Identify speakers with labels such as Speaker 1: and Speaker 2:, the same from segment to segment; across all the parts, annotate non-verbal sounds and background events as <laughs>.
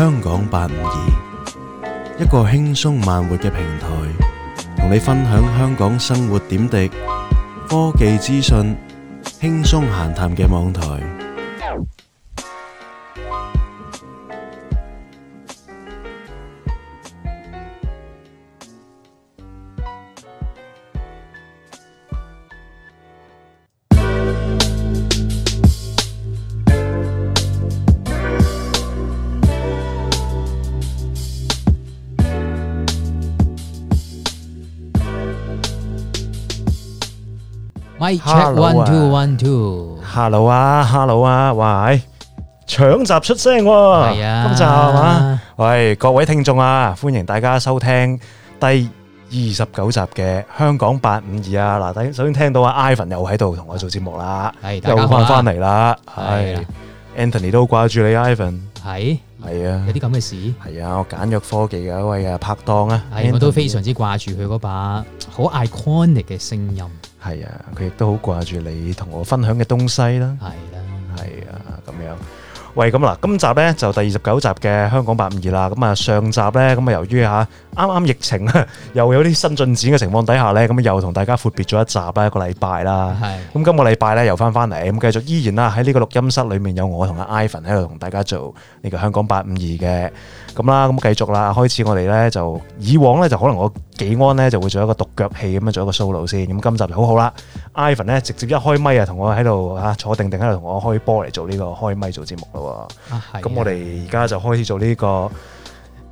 Speaker 1: 香港八五二，一個輕鬆慢活嘅平台，同你分享香港生活點滴、科技資訊、輕鬆閒談嘅網台。
Speaker 2: Hello
Speaker 1: 啊，Hello 啊，喂！搶集出聲喎，係啊，今集啊，喂，各位聽眾啊，歡迎大家收聽第二十九集嘅香港八五二啊。嗱，大家首先聽到阿 Ivan 又喺度同我做節目啦，係又翻翻嚟啦，係 Anthony 都掛住你，Ivan 係係啊，有啲咁嘅
Speaker 2: 事，係啊，我簡約科技嘅一位啊拍檔啊，我都非常之掛住佢嗰把好 iconic 嘅聲音。係
Speaker 1: 啊，佢亦都好掛住你同我分享嘅東西啦。係啦，係啊，咁樣。喂，咁嗱，今集咧就第二十九集嘅香講八五二啦。咁啊，上集咧，咁啊，由於吓啱啱疫情又有啲新進展嘅情況底下咧，咁又同大家闊別咗一集啦，一個禮拜啦。係。咁今個禮拜咧又翻翻嚟，咁繼續依然啦喺呢個錄音室裏面有我同阿 Ivan 喺度同大家做呢個香講八五二嘅咁啦，咁繼續啦，開始我哋咧就以往咧就可能我。技安咧就會做一個獨腳戲咁樣做一個 Solo 先，咁今集就好好啦。Ivan 咧直接一開咪啊，同我喺度嚇坐定定喺度同我開波嚟做呢、這個開咪做節目咯。咁、啊啊、我哋而家就開始做呢、這個。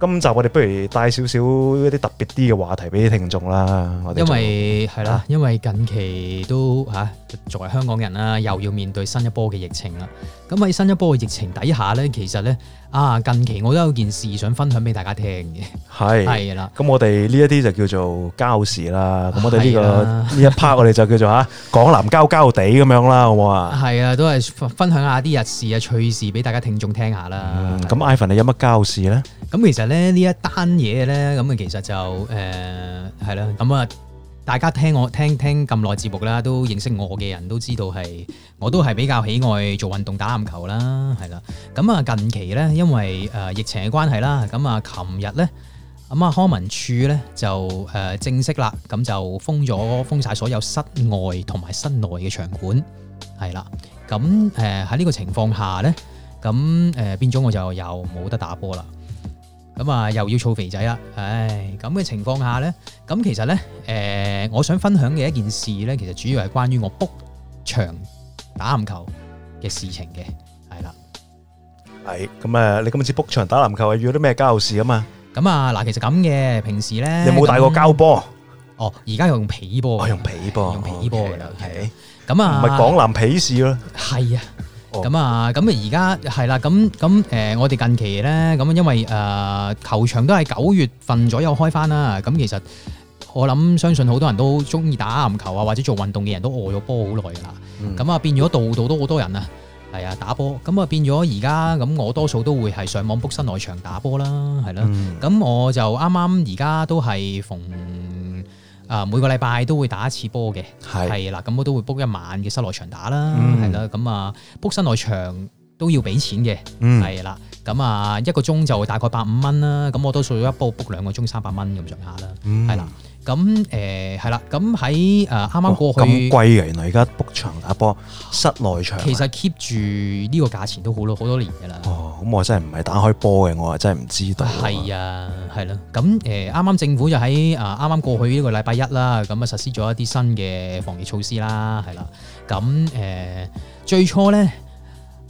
Speaker 1: 今集我哋不如帶少少一啲特別啲嘅話題俾啲聽眾啦。因為
Speaker 2: 係啦、啊啊，因為近期都嚇、啊、作為香港人啦，又要面對新一波嘅疫情啦。咁喺新一波嘅疫情底下咧，其實咧。啊，近期我都有件事想分享俾大家聽
Speaker 1: 嘅，係係啦，咁的我哋呢一啲就叫做膠事啦，咁的我哋呢、這個呢的一 part 我哋就叫做吓講 <laughs> 男膠膠地咁樣啦，好唔好啊？
Speaker 2: 係啊，都係分享下啲日事啊，趣事俾大家聽眾聽下啦。咁、
Speaker 1: 嗯、Ivan 你有乜膠事咧？
Speaker 2: 咁其實咧呢一單嘢咧，咁啊其實就誒係啦，咁、呃、啊。大家聽我聽聽咁耐節目啦，都認識我嘅人都知道係，我都係比較喜愛做運動打籃球啦，係啦。咁啊近期咧，因為誒疫情嘅關係啦，咁啊琴日咧，咁啊康文署咧就誒正式啦，咁就封咗封晒所有室外同埋室內嘅場館，係啦。咁誒喺呢個情況下咧，咁誒變咗我就又冇得打波啦。咁啊，又要做肥仔啦，唉，咁嘅情況下咧，咁其實咧，誒、呃，我想分享嘅一件事咧，其實主要係關於我 book 場打籃球嘅事情嘅，係啦，
Speaker 1: 係，咁啊，你今次 book 場打籃球係遇到啲
Speaker 2: 咩膠事啊嘛？咁啊，嗱，其實咁嘅，平時咧，有冇帶過膠波？哦，而家用皮波，我用皮波，用皮波嘅啦，OK，咁啊，唔係港男皮事咯，係啊。咁、oh. 啊，咁啊，而家係啦，咁咁誒，我哋近期咧，咁因為誒、呃、球場都係九月份左右開返啦，咁其實我諗相信好多人都鍾意打籃球啊，或者做運動嘅人都餓咗波好耐啦，咁啊、mm hmm. 變咗度度都好多人啊，係啊，打波，咁啊變咗而家咁我多數都會係上網 book 室內場打波啦，係啦、啊，咁、mm hmm. 我就啱啱而家都係逢。啊，每個禮拜都會打一次波嘅，係啦是，咁我都會 book 一晚嘅室內場打啦，係啦、嗯，咁啊 book 室內場都要俾錢嘅，係啦、嗯，咁啊一個鐘就會大概百五蚊啦，咁我都數咗一煲 book 兩個鐘三百蚊咁上下啦，係啦、嗯。咁誒係啦，咁喺誒啱啱過去咁、哦、貴嘅，原
Speaker 1: 來而家 book 場打波，室內場其實
Speaker 2: keep 住呢個價錢都好咯，好多年嘅啦。哦，咁我真係唔係打開波嘅，我係真係唔知道。係啊，係啦、啊。咁誒啱啱政府就喺誒啱啱過去呢個禮拜一啦，咁啊實施咗一啲新嘅防疫措施啦，係啦、啊。咁誒、呃、最初咧，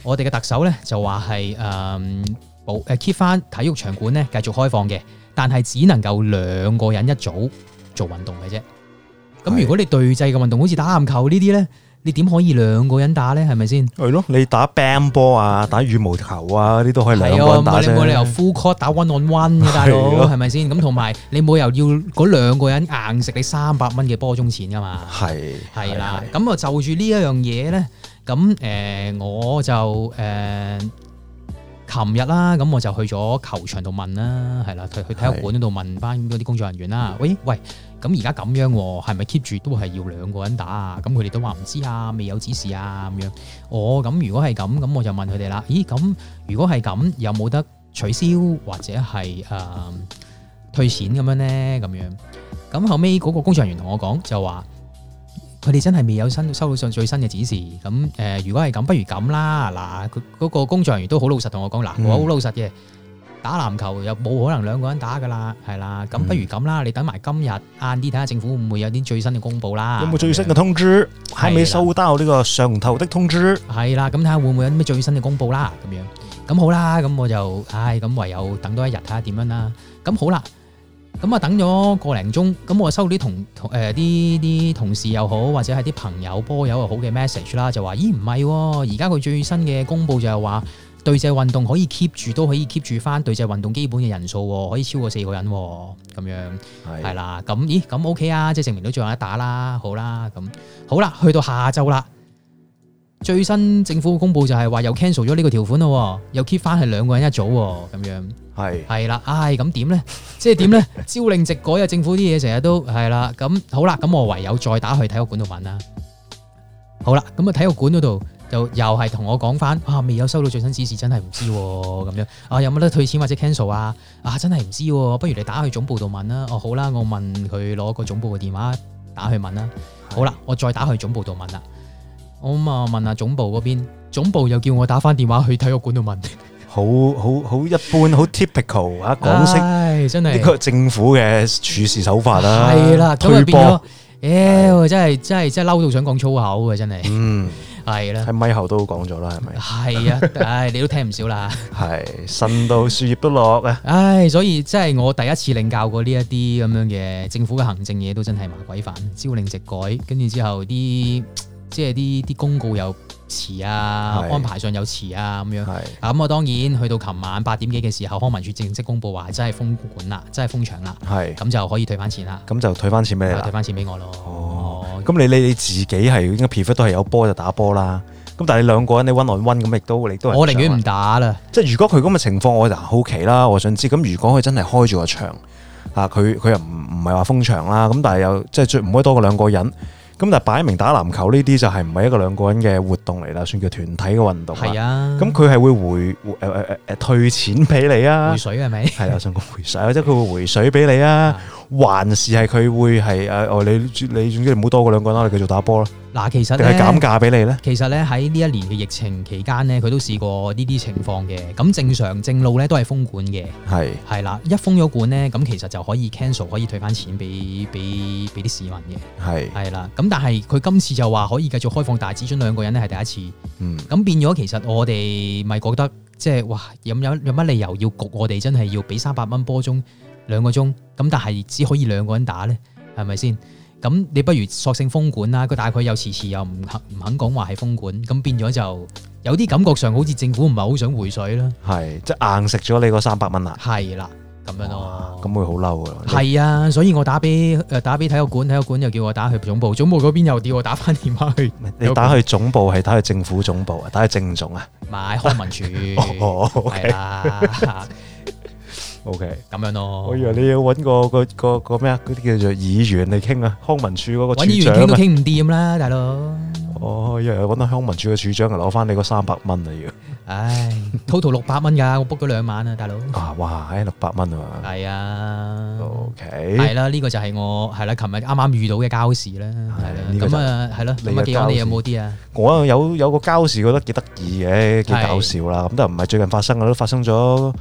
Speaker 2: 我哋嘅特首咧就話係誒保誒 keep 翻體育場館咧繼續開放嘅，但係只能夠兩個人一組。做運動嘅啫，咁如果你對制嘅運動，的好似打籃球呢啲咧，你點可以兩個人打咧？係咪先？
Speaker 1: 係咯，你打棒波啊，打羽毛球啊，啲都可以嚟的。你冇理由
Speaker 2: full court 打 one on one 嘅大佬，係咪先？咁同埋你冇又要嗰兩個人硬食你三百蚊嘅波鐘錢噶嘛？係係啦，咁啊的的就住呢一樣嘢咧，咁誒、呃，我就誒，琴日啦，咁我就去咗球場度問啦，係啦，去看看館的去體育館度問翻嗰啲工作人員啦，喂的喂。喂喂咁而家咁樣，係咪 keep 住都係要兩個人打？咁佢哋都話唔知啊，未有指示啊咁樣。哦，咁如果係咁，咁我就問佢哋啦。咦，咁如果係咁，有冇得取消或者係誒、呃、退錢咁樣呢？咁樣。咁後尾嗰個工作人員同我講，就話佢哋真係未有新收到上最新嘅指示。咁誒，如果係咁，不如咁啦。嗱，佢嗰個工作人員都好老實同我講，嗱、嗯，我好老實嘅。打籃球又冇可能兩個人打噶啦，係啦，咁不如咁啦，你等埋今日晏啲睇下政府會唔會有啲最新嘅公布啦。嗯、樣有冇最新嘅通知？係咪的收到呢個上頭的通知？係啦，咁睇下會唔會有啲咩最新嘅公布啦？咁樣，咁好啦，咁我就唉，咁唯有等多一日睇下點樣啦。咁好啦，咁啊等咗個零鐘，咁我收到啲同誒啲啲同事又好，或者係啲朋友、波友又好嘅 message 啦，就話，咦，唔係，而家佢最新嘅公布就係、是、話。對峙運動可以 keep 住都可以 keep 住翻，對峙運動基本嘅人數，可以超過四個人咁樣係啦。咁是的 咦咁 OK 啊，即係證明都仲有得打啦，好啦咁好啦。去到下晝啦，最新政府公布就係話又 cancel 咗呢個條款咯，又 keep 翻係兩個人一組咁樣係係啦。唉，咁點咧？ <laughs> 即係點咧？朝令夕改啊！政府啲嘢成日都係啦。咁好啦，咁我唯有再打去體育館度搵啦。好啦，咁啊體育館嗰度。就又係同我講翻，啊未有收到最新指示，真係唔知咁、啊、樣。啊有冇得退錢或者 cancel 啊？啊真係唔知、啊，不如你打去總部度問啦。哦好啦，我問佢攞個總部嘅電話打去問啦。好啦，我再打去總部度問啦。好、嗯、啊問下總部嗰邊，總部又叫我打翻電話去體育館度問。
Speaker 1: 好好好一般，好 typical 啊港式，哎、真係呢個政府嘅處事手法啦、啊。係啦，咁啊變
Speaker 2: 咗，真係真係真係嬲到想講粗口啊！真係，真真真真嗯。係啦，喺咪後都講咗啦，係咪？係啊，唉、哎，你都聽唔少啦。係， <laughs> 呻到樹葉都落啊！唉、哎，所以即係我第一次領教過呢一啲咁樣嘅政府嘅行政嘢，都真係麻鬼煩，朝令夕改，跟住之後啲即係啲啲公告又。遲啊，是安排上有遲啊，咁樣。咁是、啊嗯、我當然去到琴晚八點幾嘅時候，康文署正式公布話，真係封管啦，真係封場啦。係咁是就可以退翻錢啦。咁
Speaker 1: 就退翻錢俾你退
Speaker 2: 翻錢俾我咯。哦、
Speaker 1: 咁，哦、你你你自己係應該 p r 都係有波就打波啦。咁但係你兩個人你 on one 咁，亦都你都我寧願唔打啦。即係如果佢咁嘅情況，我就好奇啦。我想知咁，如果佢真係開住個場啊，佢佢又唔唔係話封場啦。咁但係又即係最唔可以多過兩個人。咁但係擺明打籃球呢啲就係唔係一個兩個人嘅活動嚟啦，算叫團體嘅運動。係啊，咁佢係會回誒誒誒誒退錢俾你啊，回水係咪？係 <laughs> 啊，送個回水，或者佢會回水俾你啊。還是係佢會係誒？哦、啊，你你總之唔好多過兩個人啦，你繼續打波啦。
Speaker 2: 嗱，其實定係減價俾你咧？其實咧喺呢一年嘅疫情期間呢，佢都試過呢啲情況嘅。咁正常正路咧都係封管嘅。係係啦，一封咗管咧，咁其實就可以 cancel，可以退返錢俾俾俾啲市民嘅。係係啦，咁但係佢今次就話可以繼續開放大資準兩個人咧，係第一次。嗯，咁變咗其實我哋咪覺得即係、就是、哇，有有有乜理由要焗我哋真係要俾三百蚊波鐘？兩個鐘咁，但係只可以兩個人打咧，係咪先？咁你不如索性封管啦。佢大概又遲遲又唔肯唔肯講話係封管，咁變咗就有啲感覺上好似政府唔係好想回水啦。係，即硬食咗你嗰三百蚊啦。係啦，咁樣咯、啊。咁、啊、會好嬲㗎。係啊，所以我打俾誒打俾體育館，體育館又叫我打去總部，總部嗰邊又叫我打返電話去。你打去
Speaker 1: 總部係打，打去政府總部啊？打去政總啊？
Speaker 2: 買康文署。哦，係、oh, 啦、okay. 的。 <laughs> O K，咁樣咯。我以為
Speaker 1: 你要揾個個個個咩啊？嗰啲叫做議員嚟傾啊，康文署嗰個。揾議員傾都傾唔掂啦，大
Speaker 2: 佬。
Speaker 1: 哦，以為揾到康文署嘅署長啊，攞翻你
Speaker 2: 嗰三百蚊啊要。唉，total 六百蚊噶，我 book 咗兩晚啊，大佬。啊，哇，六百蚊啊。係啊。O K。係啦，呢個就係我係啦，琴日啱啱遇到嘅膠事啦。係啊。咁啊，係咯。咁啊，點講你有冇啲啊？
Speaker 1: 我有有個膠事，覺得幾得意嘅，幾搞笑啦。咁都唔係最近發生嘅，都發生咗。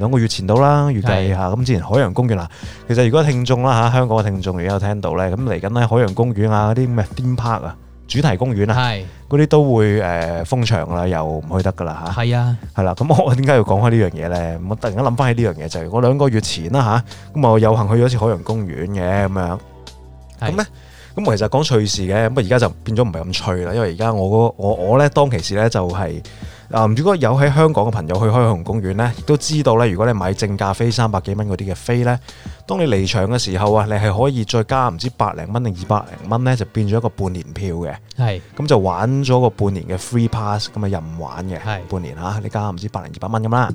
Speaker 1: 兩個月前到啦，預計嚇咁是的 之前海洋公園啦。其實如果聽眾啦嚇香港嘅聽眾而有聽到咧，咁嚟緊咧海洋公園啊嗰啲咩 theme park 啊主題公園啊，嗰啲是的 都會誒封場啦，又唔去得噶啦吓，係啊，係啦。咁我點解要講開呢樣嘢咧？我突然間諗翻起呢樣嘢，就係、是、我兩個月前啦吓，咁、啊、我有幸去咗次海洋公園嘅咁樣。咁咧是的，咁其實講趣事嘅。咁而家就變咗唔係咁趣啦，因為而家我我我咧當其時咧就係、是。就是啊，如果有喺香港嘅朋友去海洋公園咧，亦都知道咧，如果你買正價飛三百幾蚊嗰啲嘅飛咧，當你離場嘅時候啊，你係可以再加唔知百零蚊定二百零蚊咧，就變咗一個半年票嘅。係是。咁就玩咗個半年嘅 free pass，咁啊任玩嘅。是半年嚇，你加唔知百零二百蚊咁啦。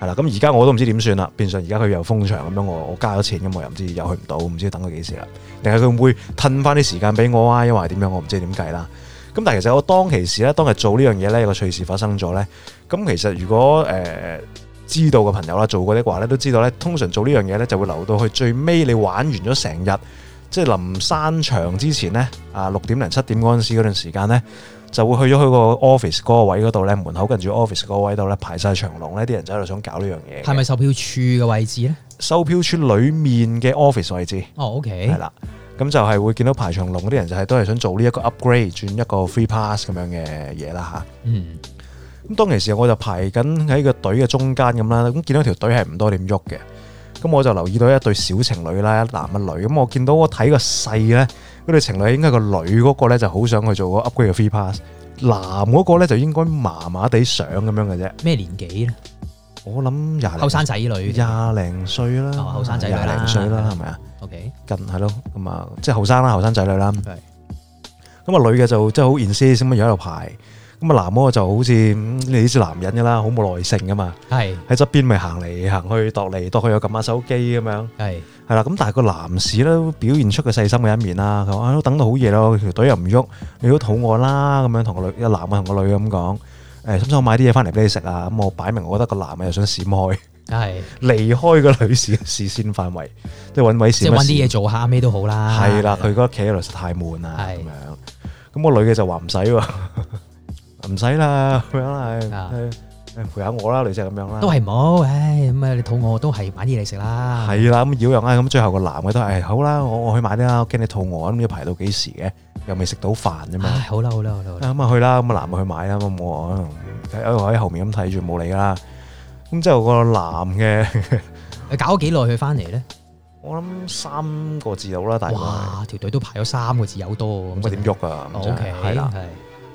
Speaker 1: 係啦是，咁而家我都唔知點算啦。變相而家佢又封場咁樣，我我加咗錢咁，我又唔知又去唔到，唔知要等佢幾時啦。定係佢會褪翻啲時間俾我啊？因為點樣我唔知點計啦。咁但係其實我當其時咧，當日做呢樣嘢咧，有個趣事發生咗呢。咁其實如果誒、呃、知道嘅朋友啦，做過啲話咧，都知道呢，通常做呢樣嘢呢，就會留到去最尾，你玩完咗成日，即係臨散場之前呢，啊六點零七點嗰陣時嗰段時間呢，就會去咗去個 office 嗰個位嗰度呢，門口跟住 office 嗰個位度呢，排晒長龍呢。啲人就喺度想搞呢樣
Speaker 2: 嘢。係咪售票處嘅位置咧？
Speaker 1: 售票處裏面嘅 office 位置。哦、oh,，OK，係啦。咁就係會見到排長龍嗰啲人就係都係想做呢一個 upgrade 轉一個 free pass 咁樣嘅嘢啦，吓，嗯，咁當其時我就排緊喺個隊嘅中間咁啦，咁見到條隊係唔多點喐嘅，咁我就留意到一對小情侶啦，一男一女，咁我見到我睇個細咧，嗰對情侶應該個女嗰個咧就好想去做個 upgrade 嘅 free pass，男嗰個咧就應該麻麻地上咁樣嘅啫，咩年紀咧？我諗廿後生仔女廿零歲啦，廿零歲啦，係咪啊？OK，近係咯，咁啊，即係後生啦，後生仔女啦。咁啊，女嘅就即係好 enthusiastic 咁樣喺度排。咁啊，男嘅就好似你啲男人噶啦，好冇耐性噶嘛。係喺側邊咪行嚟行去踱嚟踱去又撳下手機咁樣。係係啦，咁但係個男士咧都表現出佢細心嘅一面啦。佢話都等到好夜咯，條隊又唔喐，你都肚餓啦咁樣，同個女又男啊同個女咁講。誒，使唔使我買啲嘢翻嚟俾你食啊？咁我擺明我覺得個男嘅又想閃開，
Speaker 2: 係
Speaker 1: 離開個女士嘅視線範圍，即係搵位事，即係搵啲嘢做下，咩都好啦。係啦，佢覺得企喺度實太悶啦，咁樣。咁個女嘅就話唔使喎，唔使啦，
Speaker 2: 咁樣係，誒陪下我啦，女仔咁樣啦。都係唔好，唉，咁啊你肚餓都係買嘢嚟食啦。係
Speaker 1: 啦，咁繞又啱，咁最後個男嘅都係好啦，我我去買啲啦，我驚你肚餓，咁要排到幾時嘅？又未食到飯啫嘛！唉，好啦好啦好啦，咁啊去啦，咁啊男去買啦，咁我喺後面咁睇住冇理㗎啦。咁之後個男嘅，
Speaker 2: 你搞咗幾耐去翻嚟咧？
Speaker 1: 我諗三個字到啦，大哥。哇！條隊都
Speaker 2: 排咗三個字有多，咁咪點喐啊？O K，係啦。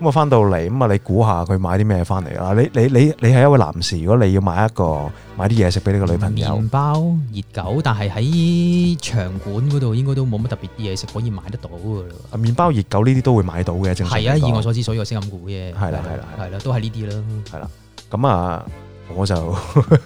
Speaker 1: 咁啊，翻到嚟咁啊，你估下佢買啲咩翻嚟啊？你你你你係一位男士，如果你要買一個買啲嘢食俾你個女朋友，麵
Speaker 2: 包、熱狗，但係喺場館嗰度應該都冇乜特別啲嘢食可以買得到
Speaker 1: 嘅。麵包、熱狗呢啲都會買到嘅，
Speaker 2: 正常。係啊，以我所知所，所以我先咁估嘅。係啦，係啦，係啦，都係呢啲啦。係啦，
Speaker 1: 咁啊。我就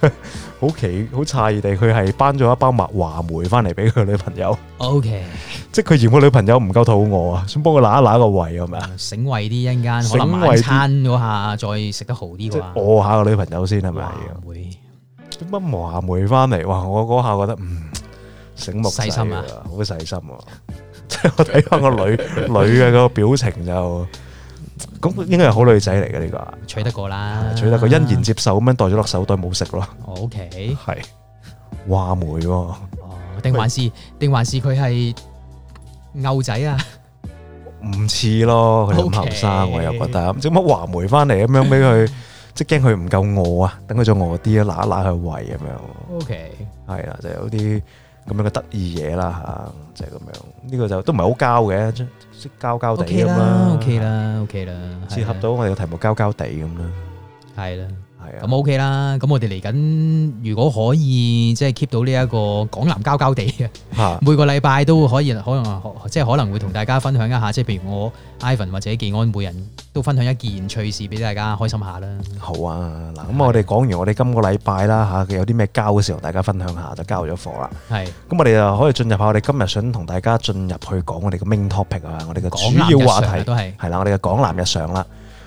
Speaker 1: <laughs> 好奇、好詫異地，佢係搬咗一包麥話梅翻嚟俾佢女朋友。 <laughs> o Okay . K，即係佢嫌我女朋友唔夠肚餓啊，想幫佢揦一揦個胃係咪啊？
Speaker 2: 醒胃啲一陣間，我諗晚餐嗰下再食得好啲。即係
Speaker 1: 餓下個女朋友先係咪？會點乜話梅翻嚟？哇！我嗰下覺得嗯，醒目細心啊，好細心啊！即係 <laughs> <laughs> 我睇翻個女 <laughs> 女嘅嗰個表情就。咁應該係好女仔嚟嘅呢個，
Speaker 2: 娶得過啦，娶得過欣然接
Speaker 1: 受咁樣，袋咗落手袋冇食咯。
Speaker 2: O K 係
Speaker 1: 話梅哦，
Speaker 2: 定還是定還是佢係牛仔啊？
Speaker 1: 唔似咯，佢咁後生，我又覺得咁做乜話梅翻嚟咁樣俾佢，即係驚佢唔夠餓啊，等佢再餓啲啊，拉一拉去餵咁樣。O K 係啊，就有啲。咁樣嘅得意嘢啦就係、是、咁樣。呢、這個就都唔係好
Speaker 2: 膠嘅，即係膠膠地咁啦。OK 啦，OK 啦，切合到我哋嘅題目的，膠膠地咁咯。係啦樣。咁 OK 啦，咁我哋嚟緊，如果可以即係 keep 到呢一個港男膠膠地嘅，是的 每個禮拜都可以可能即係可能會同大家分享一下，嗯、即係譬如我 Ivan 或者健安，每人都分享一件趣事俾大家開心下啦。
Speaker 1: 好啊，嗱，咁我哋講完我哋今個禮拜啦吓，有啲咩膠嘅時候，大家分享下就交咗貨啦。係，咁我哋就可以進入下我哋今日想同大家進入去講我哋嘅 main topic 啊，我哋嘅主要話題都係啦，我哋嘅港男日常啦、啊。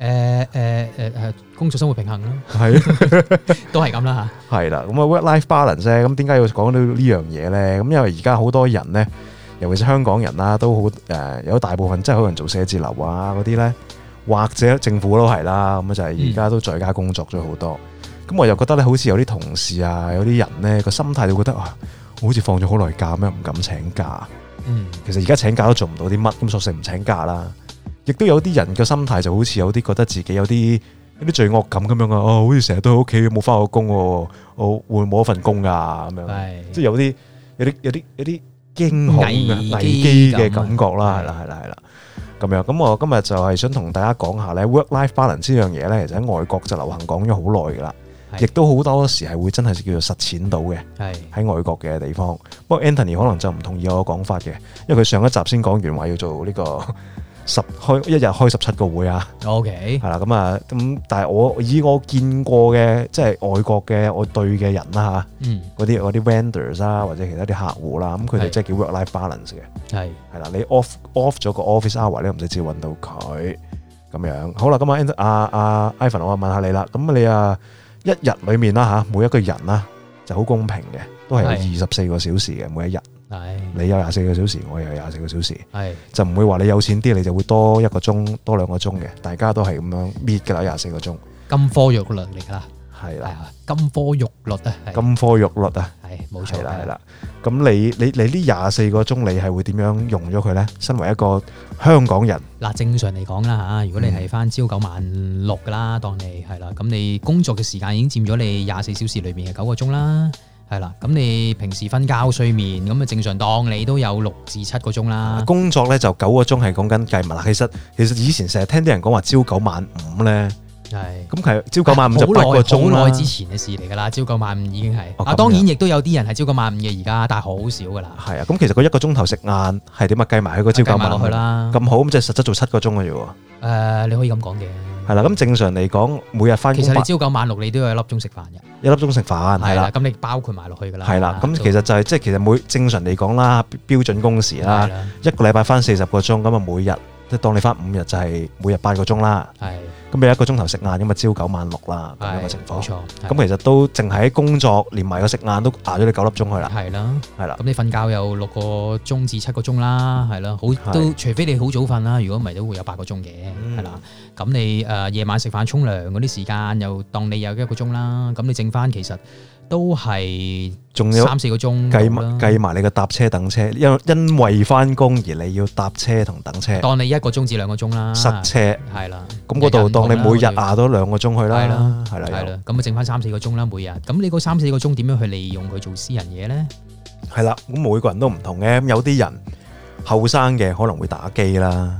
Speaker 2: 誒誒誒誒，工作生活平衡咯，係都係咁啦吓。
Speaker 1: 係啦，咁啊 work-life balance 啫。咁點解要講到呢樣嘢咧？咁因為而家好多人咧，尤其是香港人啦，都好誒，有大部分即係可能做寫字樓啊嗰啲咧，或者政府都係啦。咁就係而家都在家工作咗好多。咁我又覺得咧，好似有啲同事啊，有啲人咧，個心態會覺得啊，好似放咗好耐假咩，唔敢請假。嗯，其實而家請假都做唔到啲乜，咁索性唔請假啦。亦都有啲人嘅心態就好似有啲覺得自己有啲有啲罪惡感咁樣啊！哦，好似成日都喺屋企冇返過工喎，我會冇一份工㗎咁樣，即係有啲有啲有啲有啲驚恐啊危機嘅感覺啦，係啦係啦係啦咁樣。咁我今日就係想同大家講下呢，Work-life balance 呢樣嘢呢，其實喺外國就流行講咗好耐噶啦，亦都好多時係會真係叫做實踐到嘅，喺外國嘅地方。不過 Anthony 可能就唔同意我嘅講法嘅，因為佢上一集先講完話要做呢個。十開一日開十七個會啊，OK，係啦咁啊咁，但係我以我見過嘅即係外國嘅我對嘅人啦吓，嗯，嗰啲嗰啲 vendors 啦或者其他啲客戶啦，咁佢哋即係叫 work-life balance 嘅，係係啦，你 off off 咗個 office hour 咧，唔使照搵到佢咁樣。好啦，咁啊，阿阿 Ivan，我問下你啦，咁你啊一日裏面啦吓，每一個人啦就好公平嘅，都係有二十四個小時嘅是每一日。你有廿四個小時，我有廿四個小時，係的就唔會話你有錢啲，你就會多一個鐘多兩個鐘嘅，大家都係咁樣搣 e e 噶啦，廿四個鐘的、
Speaker 2: 哎。金科玉律嚟噶啦，係啦，
Speaker 1: 金科玉律啊，金科玉律啊，係冇錯啦，係啦。咁的你你你呢廿四個鐘，你係會點樣用咗佢呢？身為一個香港人，
Speaker 2: 嗱，正常嚟講啦吓，如果你係翻朝九晚六噶啦，嗯、當你係啦，咁你工作嘅時間已經佔咗你廿四小時裏邊嘅九個鐘啦。嗯係啦，咁你平時瞓覺睡眠咁啊，正常當你都有六至七個鐘啦。
Speaker 1: 工作咧就九個鐘係講緊計埋啦。其實其實以前成日聽啲人講話朝九晚五咧，係咁係朝九晚五就八個鐘啦。好耐、好耐、之前
Speaker 2: 嘅事嚟噶啦，朝九晚五已經係、哦、啊。當然亦都有啲人係朝九晚五嘅而家，但係好少噶啦。
Speaker 1: 係啊，咁其實佢一個鐘頭食晏係點啊？計埋佢個朝九晚五落去啦。咁好，咁即係實質做七個鐘嘅啫
Speaker 2: 喎。誒、呃，你可以咁講嘅。
Speaker 1: 係啦，咁正常嚟講，每日翻工。其實你朝
Speaker 2: 九晚六，你都要一粒鐘食飯
Speaker 1: 嘅。一粒鐘食飯，係啦。咁
Speaker 2: 你包括埋落去噶啦。係啦，咁其
Speaker 1: 實就係即係其實每正常嚟講啦，標準工時啦，的一個禮拜翻四十個鐘，咁啊每日即係當你翻五日就係每日八個鐘啦。係。咁你一個鐘頭食晏，咁啊，朝九晚六啦，咁樣嘅情況，咁其實都淨係喺工作，連埋個食晏都捱咗你九粒鐘去啦。
Speaker 2: 係啦，係啦。咁你瞓覺有六個鐘至七個鐘啦，係咯，好都除非你好早瞓啦，如果唔係都會有八個鐘嘅，係啦。咁你誒，夜晚食飯沖涼嗰啲時間又當你有一個鐘啦，咁你剩翻其實都係仲要三四個鐘，計埋計埋
Speaker 1: 你嘅搭車等車，因因為翻工而你要搭車同等車，當
Speaker 2: 你一個鐘至兩個鐘啦。塞車係啦，咁嗰度。當你每日下多兩個鐘去啦，係啦，係啦，咁啊剩翻三四個鐘啦，每日。咁你嗰三四個鐘點樣去利用佢做私人嘢咧？係啦，咁每個
Speaker 1: 人都唔同嘅，咁有啲人後生嘅可能會打機啦。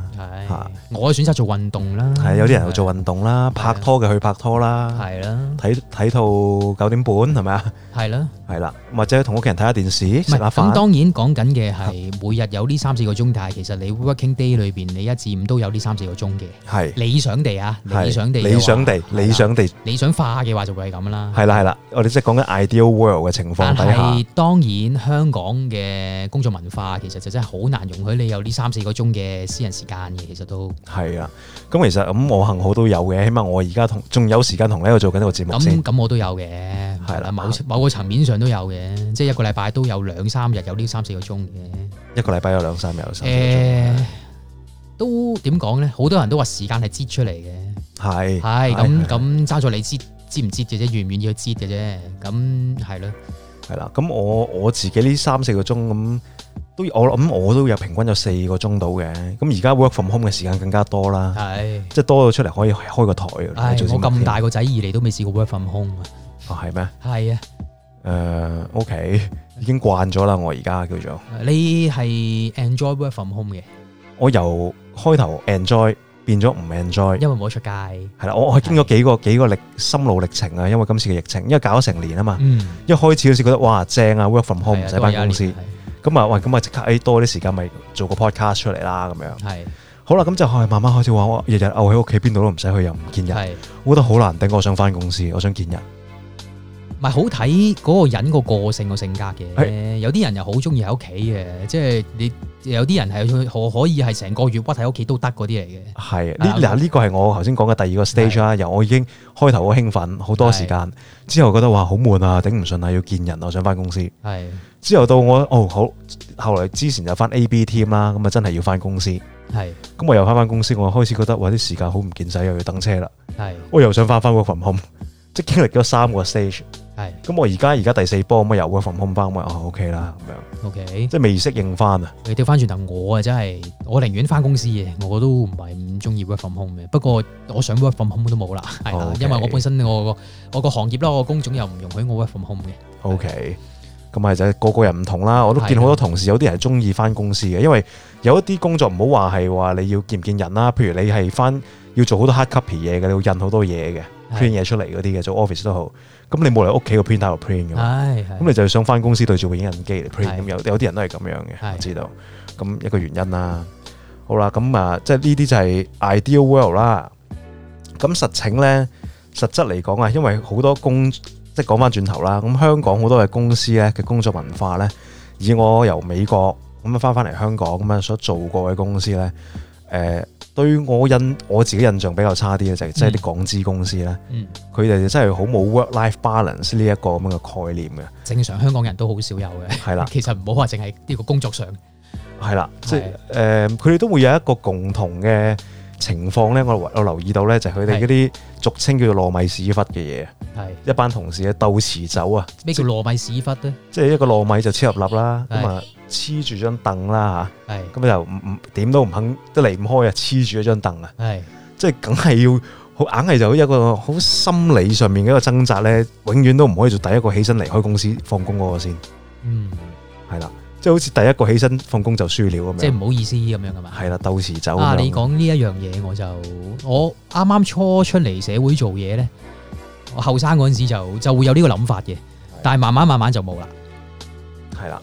Speaker 2: 我選擇做運動啦。係有啲人去做
Speaker 1: 運動啦，拍拖嘅去拍拖啦。係啦。睇睇套九點半係咪啊？係啦。係啦。或者同屋企人睇下電視，食下飯。咁當
Speaker 2: 然講緊嘅係每日有呢三四個鐘，但係其實你 working day 裏邊，你一至五都有呢三四個鐘嘅。係。理想地啊！理想地。理想地，理想地，理想化嘅話就會係咁啦。係
Speaker 1: 啦，係啦。我哋即係講緊 ideal world 嘅情況底下。但
Speaker 2: 當然香港嘅工作文化其實就真係好難容許你有呢三四個鐘嘅私人時間嘅。其實都係
Speaker 1: 啊，咁其實咁我幸好都有嘅，起碼我而家同仲有時間同你度做緊呢個節目先。咁咁我都
Speaker 2: 有嘅，係啦，某某個層面上都有嘅，即係一個禮拜都有兩三日有呢三四個鐘嘅。一個禮拜有兩三日有三四個鐘。誒，都點講咧？好多人都話時間係擠出嚟嘅，係係咁咁揸咗你擠擠唔擠嘅啫，願唔願意去擠嘅啫？咁係咯，
Speaker 1: 係啦。咁我我自己呢三四個鐘咁。都我諗我都有平均有四個鐘到嘅，咁而家 work from home 嘅時間更加多啦，即係多到出嚟可以開個台啊！我咁大個仔以嚟都未試過 work from home 啊？係咩？係啊，誒，OK，已經慣咗啦，我而家叫做
Speaker 2: 你係 enjoy work from home 嘅，
Speaker 1: 我由開頭 enjoy 變咗唔 enjoy，因
Speaker 2: 為冇得出街係啦，我我
Speaker 1: 經過幾個幾個歷心路歷程啊，因為今次嘅疫情，因為搞咗成年啊嘛，一開始好似覺得哇正啊，work from home 唔使翻公司。咁啊，喂，咁啊，即刻，誒，多啲時間咪做個 podcast 出嚟啦，咁樣。係是。好啦，咁就係慢慢開始話，我日日臥喺屋企，邊度都唔使去，又唔見人。是我覺得好難頂，我想返公司，我想見人。
Speaker 2: 係好睇嗰個人個個性個性格嘅，有啲人又好中意喺屋企嘅，即係你有啲人係可以係成個月屈喺屋企都得嗰啲嚟
Speaker 1: 嘅。係，嗱呢個係我頭先講嘅第二個 stage 啦。由我已經開頭好興奮，好多時間之後覺得話好悶啊，頂唔順啊，要見人啊，想翻公司。之後到我哦好，後來之前就翻 AB team 啦，咁啊真係要翻公司。係，咁我又翻翻公司，我開始覺得哇啲時間好唔見使，又要等車啦。我又想翻翻嗰個即係經歷咗三個 stage。係，咁我而家而家第四波，咁咪又 work from home 翻、嗯，咪哦 OK 啦樣，咁樣 OK，即係未適應翻啊！
Speaker 2: 你掉翻轉頭，我啊真係，我寧願翻公司嘅，我都唔係唔中意 work from home 嘅。不過我想 work from home 都冇啦，係啦，okay, 因為我本身我個我個行業啦，我個工種又唔容許我 work from home
Speaker 1: 嘅。OK，咁啊就係個個人唔同啦。我都見好多同事，的有啲人中意翻公司嘅，因為有一啲工作唔好話係話你要見唔見人啦。譬如你係翻要做好多 hard copy 嘢嘅，你要印好多嘢嘅。print 嘢出嚟嗰啲嘅，做 office 都好，咁你冇嚟屋企個 printer 度 print 嘅嘛。咁你就想翻公司對住部影印機嚟 print 咁，有有啲人都係咁樣嘅，我知道。咁一個原因啦。好啦，咁啊，即係呢啲就係 ideal world 啦。咁實情咧，實質嚟講啊，因為好多公，即係講翻轉頭啦。咁香港好多嘅公司咧嘅工作文化咧，以我由美國咁樣翻翻嚟香港咁樣所做過嘅公司咧，誒。對於我印我自己印象比較差啲嘅就係即係啲港資公司咧，佢哋、嗯、真係好冇 work-life balance 呢一個咁樣嘅概念嘅。
Speaker 2: 正常香港人都好少有嘅。係啦 <laughs> 的，其實唔好話淨係呢個工作上。
Speaker 1: 係啦，即係誒，佢、呃、哋都會有一個共同嘅情況咧。我我留意到咧，就係佢哋嗰啲。俗稱叫做糯米屎忽嘅嘢，係的一班同事啊，鬥遲走啊，
Speaker 2: 咩即叫糯米屎忽咧？
Speaker 1: 即係一個糯米就黐立立啦，咁啊黐住張凳啦嚇，咁啊又唔唔點都唔肯，都離唔開啊黐住一張凳啊，的即係梗係要，硬係就好一個好心理上面嘅一個掙扎咧，永遠都唔可以做第一個起身離開公司放工嗰個先，嗯，係啦。即係好似第一個起身放工就輸了咁樣，即係唔好意思咁樣噶嘛。係啦，到時走啊！你
Speaker 2: 講呢一樣嘢，我就我啱啱初出嚟社會做嘢咧，我後生嗰陣時就就會有呢個諗法嘅，但係慢慢慢慢就冇啦。係啦。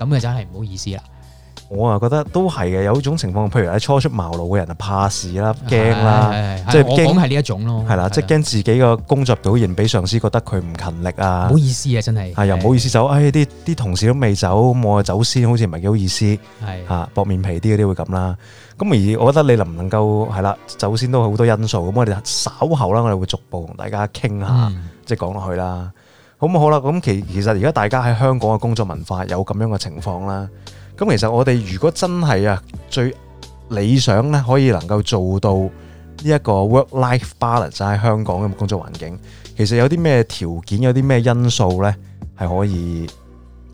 Speaker 2: 咁啊真係唔
Speaker 1: 好意思啦！我啊覺得都係嘅，有一種情況，譬如喺初出茅廬嘅人啊，怕事啦，驚啦，即係驚係呢一種咯，係啦，即係驚自己個工作表現俾上司覺得佢唔勤力啊，唔好意思啊，真係又唔好意思走，哎啲啲同事都未走，我啊走先，好似唔係幾好意思，係的、啊、薄面皮啲嗰啲會咁啦。咁而我覺得你能唔能夠係啦走先都好多因素。咁我哋稍後啦，我哋會逐步同大家傾下，嗯、即係講落去啦。好唔好啦？咁其其實而家大家喺香港嘅工作文化有咁樣嘅情況啦。咁其實我哋如果真係啊最理想咧，可以能夠做到呢一個 work-life balance 喺香港嘅工作環境，其實有啲咩條件，有啲咩因素咧，係可以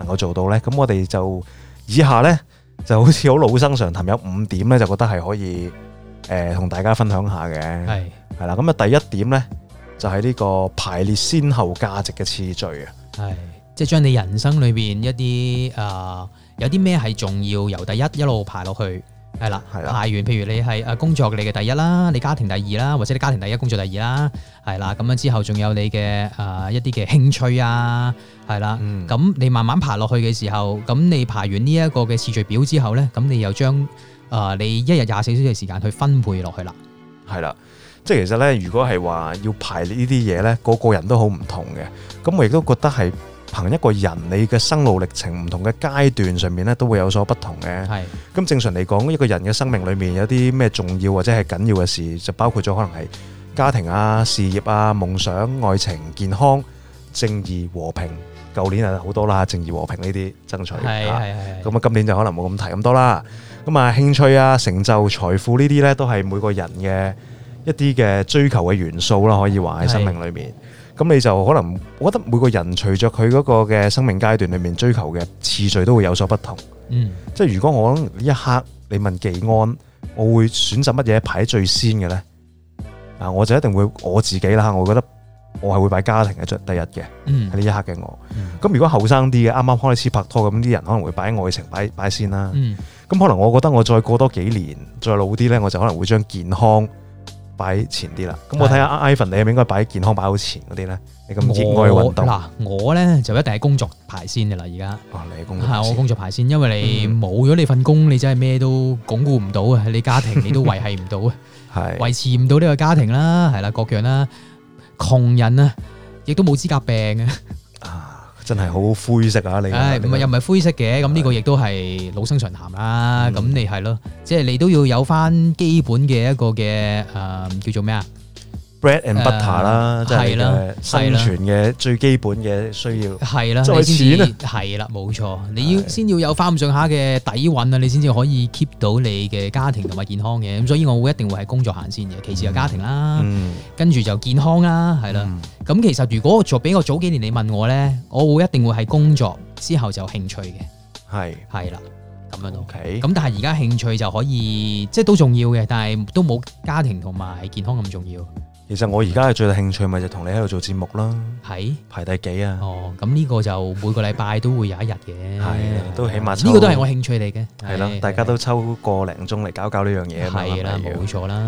Speaker 1: 能夠做到咧？咁我哋就以下咧就好似好老生常談，有五點咧，就覺得係可以誒同大家分享下嘅。係係啦，咁啊第一點咧。就係呢個排列先後價值嘅次序
Speaker 2: 啊，係即係將你人生裏邊一啲誒、呃、有啲咩係重要，由第一一路排落去，係啦，係啦的，排完，譬如你係誒工作你嘅第一啦，你家庭第二啦，或者你家庭第一工作第二啦，係啦，咁樣之後仲有你嘅誒、呃、一啲嘅興趣啊，係啦，咁、嗯、你慢慢排落去嘅時候，咁你排完呢一個嘅次序表之後咧，咁你又將誒、呃、你一日廿四小時嘅時間去分配落去啦，係啦。
Speaker 1: 即係其實咧，如果係話要排列呢啲嘢咧，個個人都好唔同嘅。咁我亦都覺得係憑一個人你嘅生路歷程，唔同嘅階段上面咧，都會有所不同嘅。係咁正常嚟講，一個人嘅生命裏面有啲咩重要或者係緊要嘅事，就包括咗可能係家庭啊、事業啊、夢想、愛情、健康、正義、和平。舊年啊好多啦，正義和平呢啲爭取。係係係。咁啊，今年就可能冇咁提咁多啦。咁啊，興趣啊、成就、財富呢啲咧，都係每個人嘅。一啲嘅追求嘅元素啦，可以話喺生命裏面，咁是你就可能，我覺得每個人隨着佢嗰個嘅生命階段裏面追求嘅次序都會有所不同。嗯，即係如果我呢一刻你問技安，我會選擇乜嘢排最先嘅咧？啊，我就一定會我自己啦。我覺得我係會擺家庭嘅最第一嘅。嗯，喺呢一刻嘅我。咁、嗯、如果後生啲嘅，啱啱開始拍拖咁啲人可能會擺愛情擺擺先啦。嗯，咁可能我覺得我再過多幾年，再老啲咧，我就可能會將健康。擺喺前啲啦，咁我睇下 Ivan 你係咪應該擺喺健康擺好前嗰啲咧？你咁熱愛運動嗱，
Speaker 2: 我咧就一定係工作排先嘅啦，而家你係工作排先，我工作排先，因為你冇咗你份工，你真係咩都鞏固唔到啊，你家庭你都維繫唔到啊，維持唔到呢個家庭啦，係啦，各樣啦，窮人啊，亦都冇資格病啊。
Speaker 1: 真係好灰色啊！你係唔係又
Speaker 2: 唔係灰色嘅？咁呢、哎、個亦都係老生常談啦。咁、嗯、你係咯，即係、即係、你都要有翻基本嘅一個嘅誒、呃，叫做咩啊？bread and butter 啦、嗯，即係生存
Speaker 1: 嘅最基本嘅需要
Speaker 2: 係啦。再啦，冇錯，你要對先要有翻上下嘅底蘊啊，你先至可以 keep 到你嘅家庭同埋健康嘅。咁所以，我會一定會喺工作行先嘅，其次就家庭啦，嗯、跟住就健康啦，係啦。咁、嗯、其實如果做，俾我早幾年你問我咧，我會一定會係工作之後就興趣嘅，係係啦，咁樣都 OK。咁但係而家興趣就可以即係都重要嘅，但係都冇家庭同埋健康咁重要。其實我而家嘅最大興趣咪就同你喺度做節目囉，係排第幾啊？哦，咁呢個就每個禮拜都會有一日嘅，係都起碼。呢個都係我興趣嚟嘅，係啦，
Speaker 1: 大家都抽個零鐘嚟搞搞呢樣嘢啊啦，冇錯啦，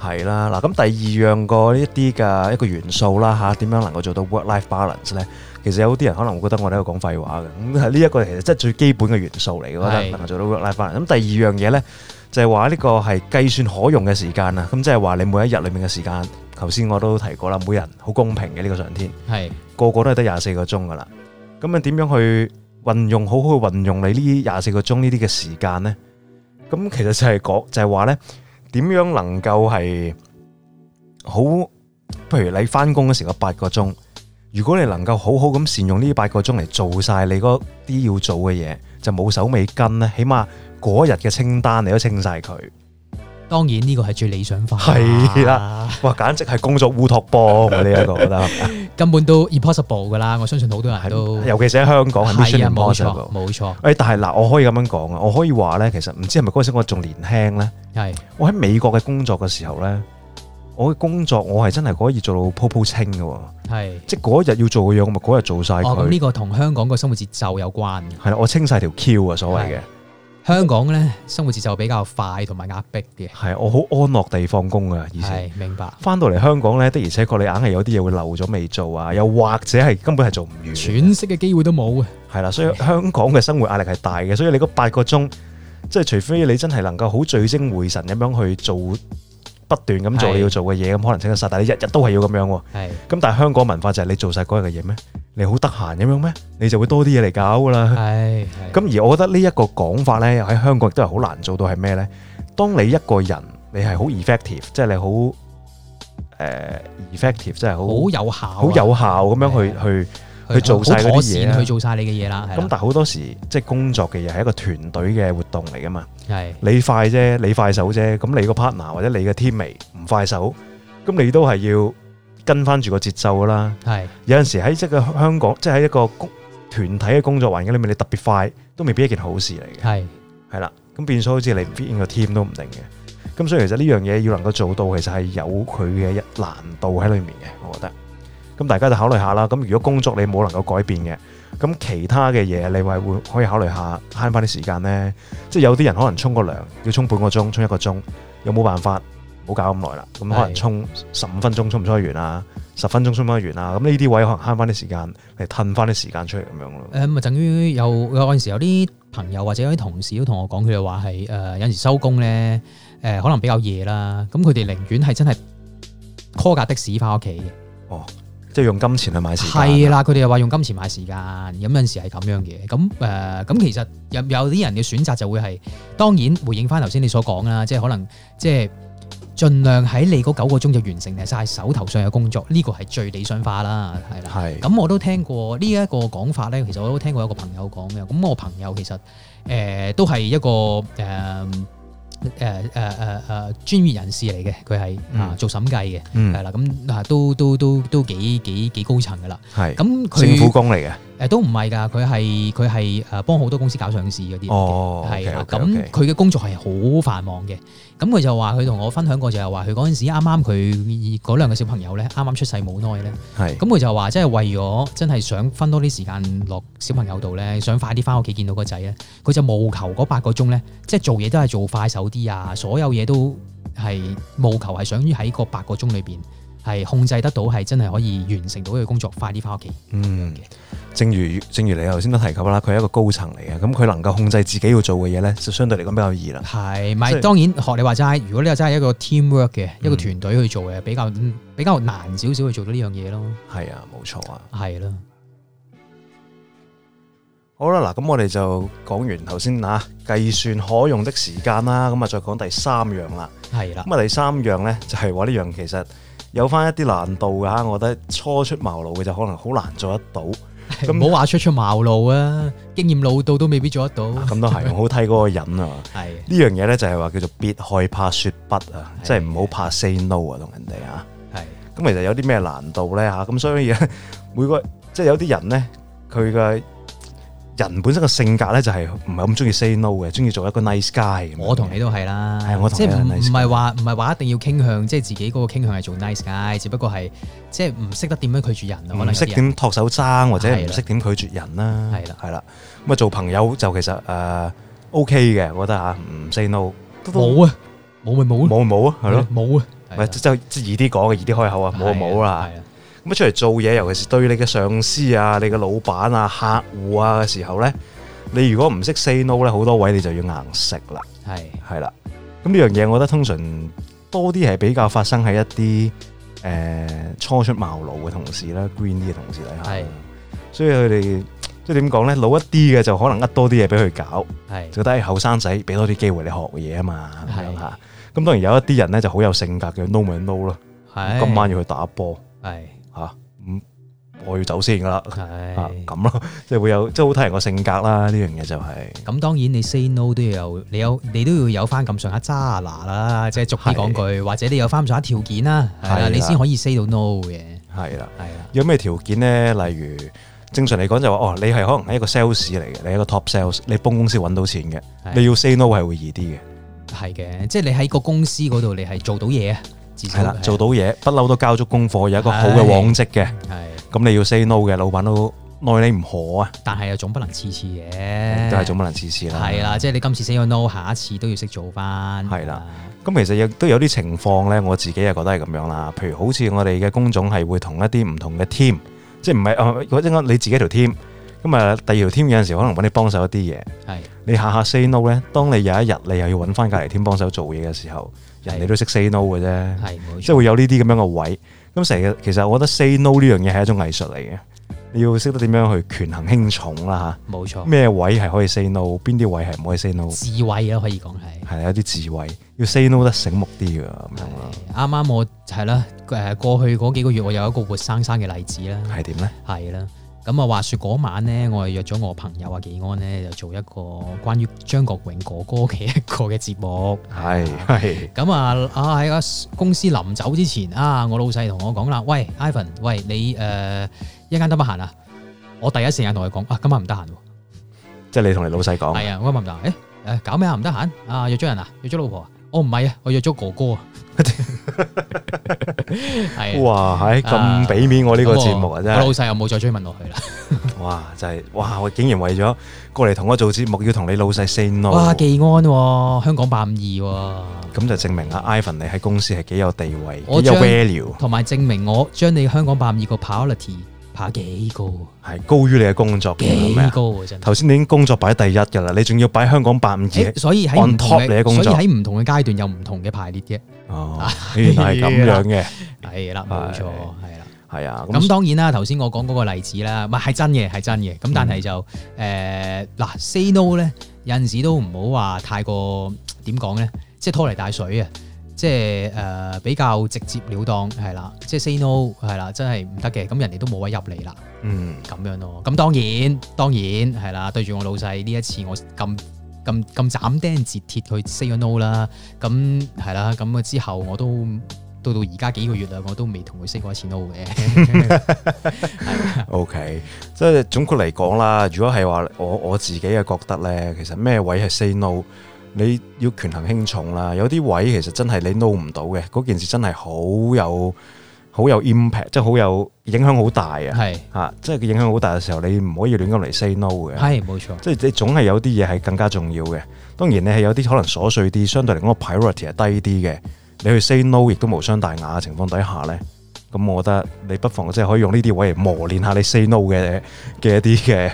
Speaker 1: 係啦嗱。咁第二樣個一啲嘅一個元素啦嚇，點樣能夠做到 work-life balance 咧？其實有啲人可能會覺得我哋喺度講廢話嘅，咁呢一個其實即係最基本嘅元素嚟嘅啦，能夠做到 work-life balance。咁第二樣嘢咧就係話呢個係計算可用嘅時間啦，咁即係話你每一日裡面嘅時間。頭先我都提過啦，每人好公平嘅呢，這個上天，係是個個都係得廿四個鐘噶啦。咁啊，點樣去運用，好好去運用你呢廿四個鐘呢啲嘅時間呢？咁其實就係、是、講就係、是、話呢，點樣能夠係好，譬如你翻工嘅時候八個鐘，如果你能夠好好咁善用呢八個鐘嚟做晒你嗰啲要做嘅嘢，就冇手尾跟呢。起碼嗰日
Speaker 2: 嘅清單
Speaker 1: 你都清晒佢。
Speaker 2: 當然呢個係最理想化，係啦，哇，簡直係工作烏托邦我呢一個，覺得根本都 impossible 嘅啦。我相信好多人喺度，尤其是喺香港係 mission impossible，冇錯。
Speaker 1: 誒，但係嗱，我可以咁樣講啊，我可以話咧，其實唔知係咪嗰陣我仲年輕咧，係我喺美國嘅工作嘅時候咧，我嘅工作我係真係可以做到鋪鋪清嘅喎，係即係嗰一日要做嘅嘢，我咪嗰日做曬。哦，咁呢
Speaker 2: 個同香港個生活節奏有關嘅，係啦，我清曬條 queue 啊，所謂嘅。香港呢生活節奏比較快同埋壓迫嘅，係我好安樂地放工嘅意思。係明白。
Speaker 1: 翻到嚟香港呢，的而且確你硬係有啲嘢會漏咗未做啊，又或者係根本係做唔完，喘
Speaker 2: 息嘅機會都冇
Speaker 1: 啊。係啦，所以香港嘅生活壓力係大嘅，的所以你嗰八個鐘，即係除非你真係能夠好聚精會神咁樣去做。不斷咁做你要做嘅嘢，咁可能清得曬，但係你日日都係要咁樣喎。係。咁但係香港文化就係你做曬嗰日嘅嘢咩？你好得閒咁樣咩？你就會多啲嘢嚟搞㗎啦。係。咁而我覺得呢一個講法咧，喺香港亦都係好難做到係咩咧？當你一個人，你係好 effective，即係你好誒 effective，即係好有效、好有效咁樣去去。去做晒嗰啲嘢啦，去做
Speaker 2: 晒你嘅嘢啦。咁
Speaker 1: 但係好多時，即係工作嘅嘢係一個團隊嘅活動嚟噶嘛。係你快啫，你快手啫，咁你個 partner 或者你嘅 team 唔快手，咁你都係要跟翻住個節奏噶啦。係有陣時喺一個香港，即係喺一個團體嘅工作環境裏面，你特別快都未必係一件好事嚟嘅。係係啦，咁變咗好似你唔 fit in 個 team 都唔定嘅。咁所以其實呢樣嘢要能夠做到，其實係有佢嘅一難度喺裏面嘅，我覺得。咁大家就考慮下啦。咁如果工作你冇能夠改變嘅，咁其他嘅嘢你話會可以考慮下慳翻啲時間呢，即係有啲人可能沖個涼要沖半個鐘，沖一個鐘，有冇辦法唔好搞咁耐啦？咁是的 可能沖十五分鐘沖出去，沖唔沖得完啊？十分鐘沖，沖唔得完啊？咁呢啲位可能慳翻啲時間，嚟騰翻啲時
Speaker 2: 間出嚟咁樣咯。咁啊、嗯，等於有有有陣時有啲朋友或者有啲同事都同我講，佢哋話係誒有時收工呢，誒、呃、可能比較夜啦。咁佢哋寧願係真係 call 架的士翻屋企嘅。哦。即係用金錢去買時間，係啦，佢哋又話用金錢買時間，有陣時係咁樣嘅。咁誒，咁、呃、其實有有啲人嘅選擇就會係，當然回應翻頭先你所講啦，即係可能即係盡量喺你嗰九個鐘就完成晒手頭上嘅工作，呢個係最理想化啦，係啦。咁的我都聽過呢一個講法咧，其實我都聽過有個朋友講嘅。咁我朋友其實誒、呃、都係一個誒。呃誒誒誒誒專業人士嚟嘅，佢係、嗯、啊做審計嘅，係啦、嗯，咁啊都都都都,都幾幾幾高層㗎啦，
Speaker 1: 係咁佢政府工嚟嘅。
Speaker 2: 誒都唔係㗎，佢係佢係誒幫好多公司搞上市嗰啲，係啦、哦。咁佢嘅工作係好繁忙嘅。咁佢就話佢同我分享過，就係話佢嗰陣時啱啱佢嗰兩個小朋友咧，啱啱出世冇耐咧。係是。咁佢就話，即係為咗真係想分多啲時間落小朋友度咧，想快啲返屋企見到個仔咧。佢就務求嗰八個鐘咧，即係做嘢都係做快手啲啊，所有嘢都係務求於，係想於喺個八個鐘裏邊。係控制得到，係真係可以完成到佢嘅工作，快啲翻屋企。嗯，
Speaker 1: 正如正如你頭先都提及啦，佢係一個高層嚟嘅，咁佢能夠控制自己要做嘅嘢呢，就相對嚟講比較
Speaker 2: 易啦。係是，咪以當然學你話齋，如果你又真係一個 teamwork 嘅、嗯、一個團隊去做嘅，比較、嗯、比較難少少去做到呢樣嘢咯。係啊，冇錯啊。係啦、
Speaker 1: 啊。好啦，嗱、啊，咁我哋就講完頭先嗱計算可用的時間啦，咁啊再講第三樣啦。係啦、啊，咁啊第三樣呢，就係話呢樣其實。有翻一啲難度噶，我覺得初出茅廬嘅就可能好難做得到。
Speaker 2: 咁唔好話初出茅廬啊，經驗老到都未必做得到。咁都係，唔好睇嗰個人啊。係
Speaker 1: 呢樣嘢咧，就係話叫做別害怕説的不啊，即係唔好怕 say no 啊的，同人哋啊。係咁的，其實有啲咩難度咧吓，咁所以每個即係有啲人咧，佢嘅。人本身嘅性格咧就係唔係咁中意 say no 嘅，中意做一個 nice guy,
Speaker 2: guy。我同你都係啦，即係唔唔係話唔係話一定要傾向，即係自己嗰個傾向係做 nice guy，只不過係即係唔識得點樣拒絕人咯。可能唔識點
Speaker 1: 托手踭，或者唔識點拒絕人啦。係啦，係啦，咁啊做朋友就其實誒、呃、OK 嘅，我覺得嚇唔 say no 都都。冇啊，
Speaker 2: 冇咪冇，冇咪冇啊，係咯，冇啊
Speaker 1: 的，即係即係易啲講嘅，易啲開口啊，冇咪冇啦。的的咁出嚟做嘢，尤其是對你嘅上司啊、你嘅老闆啊、客戶啊嘅時候咧，你如果唔識 say no 咧，好多位你就要硬食啦。係係啦。咁呢樣嘢，我覺得通常多啲係比較發生喺一啲誒初出茅廬嘅同，同事啦，green 啲嘅同事底下。是所以佢哋即係點講咧？老一啲嘅就可能呃多啲嘢俾佢搞。係是。就得後生仔俾多啲機會你學嘢啊嘛。係啊是。咁、right? 當然有一啲人咧就好有性格嘅 no 咪 no 咯、no。是今晚要去打波。係是。吓，嗯、啊，我要走先噶啦，係的，咁咯、啊，
Speaker 2: 即係會有，即係好睇人個性格啦，呢樣嘢就係、是。咁當然你 say no 都要有，你有你都要有翻咁上下揸拿啦，即係俗啲講句，的或者你有翻咁上下條件啦，係啦，你先可以 say 到 no 嘅。
Speaker 1: 係啦的，係啦的。有咩條件咧？例如正常嚟講就話、是，哦，你係可能係一個 sales 嚟嘅，你一個 top sales，你幫公司搵到錢嘅，的你要 say no 係會易啲嘅。
Speaker 2: 係嘅，即係你喺個公司嗰度，你係做到嘢啊。係啦，
Speaker 1: 做到嘢，不嬲都交足功課，有一個好嘅往績嘅。係咁，你要 say no 嘅，老闆都奈你唔
Speaker 2: 何啊。但係又總不能次次嘅，但係總不能次次啦。係啦，即係你今次 say no，下一次都要識做翻。係啦，
Speaker 1: 咁其實亦都有啲情況咧，我自己又覺得係咁樣啦。譬如好似我哋嘅工種係會同一啲唔同嘅 team，即係唔係哦，應該你自己一條 team，咁啊第二條 team 有陣時可能搵你幫手一啲嘢。係你下下 say no 咧，當你有一日你又要搵翻隔籬 team 幫手做嘢嘅時候。人哋都識 say no 嘅啫，即係會有呢啲咁樣嘅位，咁成日其實我覺得 say no 呢樣嘢係一種藝術嚟嘅，你要識得點樣去權衡輕重啦嚇。
Speaker 2: 冇錯，咩位係
Speaker 1: 可以 say no，邊啲位係唔可以 say no，智慧咯、啊、可以講係，係有啲智慧，要 say no 得醒目啲嘅咁樣咯。
Speaker 2: 啱啱我係啦，誒過去嗰幾個月我有一個活生生嘅例子啦，係點咧？係啦。咁啊，話說嗰晚咧，我係約咗我朋友啊，技安咧，就做一個關於張國榮哥哥嘅一個嘅節目，係係。咁啊啊喺個公司臨走之前啊，我老細同我講啦，喂，Ivan，喂，你誒、呃、一間得唔得閒啊？我第一時間同佢講啊，今晚唔得閒，
Speaker 1: 即係你同你老細講。係、欸、啊，
Speaker 2: 我問唔誒誒，搞咩啊？唔得閒啊？約咗人啊？約咗老婆我唔係啊，我約咗哥哥啊，係 <laughs> 哇，係咁俾面我呢個節目 <laughs> 我啊，真係是 <laughs> 老細又冇再追問落去啦。哇，
Speaker 1: 就係哇，我竟然為咗過嚟同我做節目，要同你老細 say no。哇，技
Speaker 2: 安、哦，香講852，咁、 <laughs> 嗯、 <laughs> 就證明啊
Speaker 1: ，Ivan 你喺公司係幾有地位，我將幾有 value
Speaker 2: 同埋證明我將你香講852個 polarity。下幾高？係
Speaker 1: 高於你嘅工作幾高、啊、真頭先你已經工作擺第一嘅啦，你仲要擺香港百五、欸、所以喺 on top 你嘅工作喺
Speaker 2: 唔同嘅階段有唔同嘅排列嘅。哦，原來係咁樣嘅，係啦，冇錯，係啦，係啊。咁、啊、當然啦，頭先我講嗰個例子啦，唔係真嘅，係真嘅。咁但係就誒嗱，say no 咧有陣時都唔好話太過點講咧，即係、就是、拖泥帶水啊！即係誒，比較直接了當係啦，即係 say no 係啦，真係唔得嘅，咁人哋都冇位入嚟啦。嗯，咁樣咯。咁當然，當然係啦。對住我老細呢一次我，我咁咁咁斬釘截鐵去 say no 啦。咁係啦，咁之後我都到到而家幾個月啦，我都未同佢 say 過一次 no 嘅。
Speaker 1: OK，即係總括嚟講啦，如果係話我我自己嘅覺得咧，其實咩位係 say no？你要權衡輕重啦，有啲位其實真係你 know 唔到嘅，嗰件事真係好有好有 impact，即係好有影響好大是啊。係吓，即係佢影響好大嘅時候，你唔可以亂咁嚟 say no 嘅。係冇錯，即係你總係有啲嘢係更加重要嘅。當然你係有啲可能瑣碎啲，相對嚟講個 priority 係低啲嘅。你去 say no 亦都無傷大雅嘅情況底下咧，咁我覺得你不妨即係可以用呢啲位嚟磨練下你 say no 嘅、嘅一啲嘅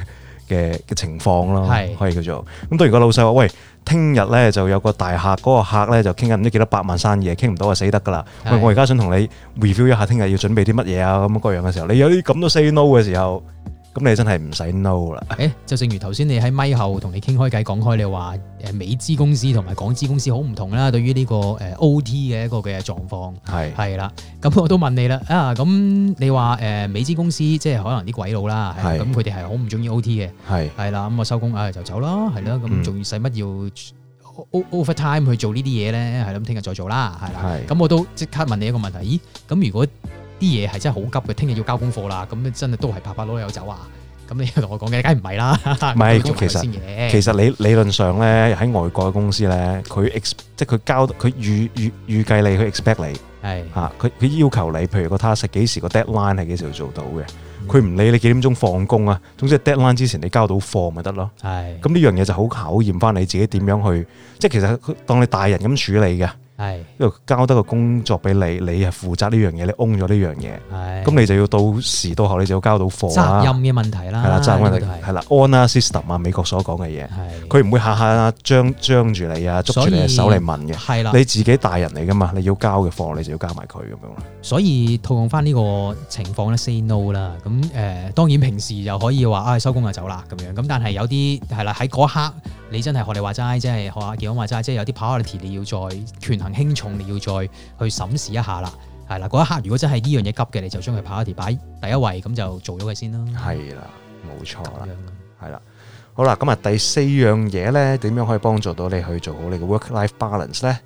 Speaker 1: 嘅嘅情況咯。係是可以叫做咁。當然個老細話喂。聽日咧就有個大客，嗰個客咧就傾緊唔知幾多百萬生意，傾唔到啊死得㗎啦！是的 喂，我而家想同你 review 一下，聽日要準備啲乜嘢啊？咁樣各樣嘅時候，你有啲咁多 say no 嘅時候。咁你真係唔使
Speaker 2: know 啦。誒，就正如頭先你喺咪後同你傾開偈講開，你話誒美資公司同埋港資公司好唔同啦。對於呢個誒 OT 嘅一個嘅狀況，係係是啦。咁我都問你啦。啊，咁你話誒美資公司即係可能啲鬼佬啦。咁佢哋係好唔中意 OT 嘅。係係是啦。咁我收工啊，就走咯，係咯。咁仲使乜要，要 over time 去做呢啲嘢咧？係咁，聽日再做啦。係啦。咁是是我都即刻問你一個問題。咦？咁如果啲嘢係真係好急嘅，聽日要交功課啦，咁真係都係拍拍籮柚走啊！咁你同我講嘅，梗係唔係啦？唔係，其實其實理
Speaker 1: 理論上咧，喺外國嘅公司咧，佢 expect 即係佢交佢預預預計你，佢 expect 你係嚇佢佢要求你，譬如個 task 幾時個 deadline 係幾時做到嘅？佢唔理你幾點鐘放工啊！總之 deadline 之前你交到貨咪得咯。係，咁呢樣嘢就好考驗翻你自己點樣去，即係其實當你大人咁處理嘅。係，因為是交得個工作俾你，你係負責呢樣嘢，你 own 咗呢樣嘢，咁是你就要到時到後，你就要交到貨。責任嘅
Speaker 2: 問題啦，啦的，責任問題
Speaker 1: 係啦，ownership 啊，美國所講嘅嘢，佢唔的會下下將將住你啊，捉住你嘅手嚟問嘅，以你自己大人嚟噶嘛，你要交嘅貨，你就要交埋佢咁樣。
Speaker 2: 所以套用翻呢個情況咧，say no 啦。咁誒、呃，當然平時就可以話啊，收、哎、工就走啦咁樣。咁但係有啲係啦，喺嗰一刻你真係學你話齋，即係學阿健講話齋，即係有啲 priority 你要再權衡輕重，你要再去審視一下啦。係啦，嗰一刻如果真係呢樣嘢急嘅，你就將佢 priority 擺第一位，咁就做咗佢先啦。係啦，冇錯啦，
Speaker 1: 係啦這樣。好啦，咁啊第四樣嘢咧，點樣可以幫助到你去做好你嘅 work life balance 咧？